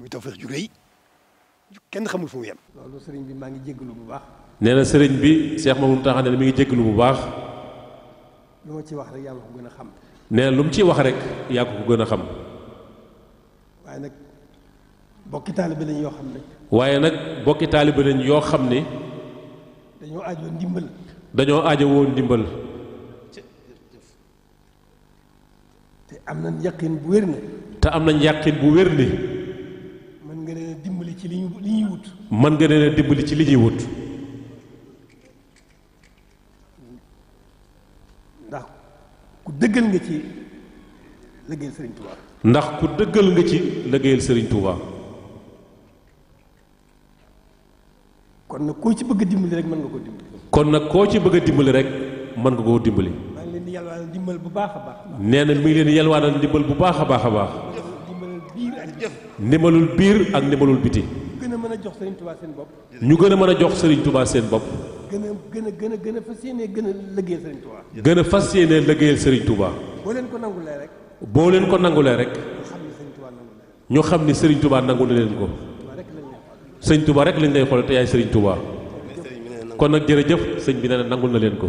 muy tawfeex ju kenn xamul fu mu yem. loolu sëriñ bi maa ngi jégalu bu baax. nee na sëriñ bi Cheikh Mamadou Taha mi ngi jégalu bu baax. lu ma ci wax rek yaa gën a xam. nee na mu ciy wax rek yaa ko gën a xam. waaye nag bokki taalibe lañ yoo xam ne. waaye nag bokki taalibe yoo xam ne. dañoo aajoo ndimbal. dañoo aajowoo ndimbal. te am nañ yàqin bu wér ne. te am nañ yàqin bu wér ne. ci li ñuy wut. mën nga leen a dimbali ci li ñuy wut. ndax ku dëggal nga ci liggéeyal Serigne Touba. ndax ku dëggal nga ci liggéeyal Serigne Touba. kon nag koo ci bëgg a rek mën nga koo dimbali. kon nag koo ci bëgg a dimbali rek mën nga koo dimbali. maa ngi leen bu baax a baax. nee na mi ngi leen di yalwaanal dimbal bu baax a baax a baax. ndimbalul biir ak ndimbalul biti. gën a mën a jox Serigne tubaa seen bopp. ñu gën a mën a jox Serigne tubaa seen bopp. gën a gën a gën a gën a fas yéenee gën a liggéeyal Serigne Touba. gën a fas yéenee liggéeyal Serigne Touba. boo leen ko nangulee rek. boo leen ko nangulee rek. ñu xam ni sëriñ tubaa nangul leen ko. Serigne Touba rek lañ day xool te yaay Serigne Touba. kon nag jërëjëf sëñ bi nee na nangul na leen ko.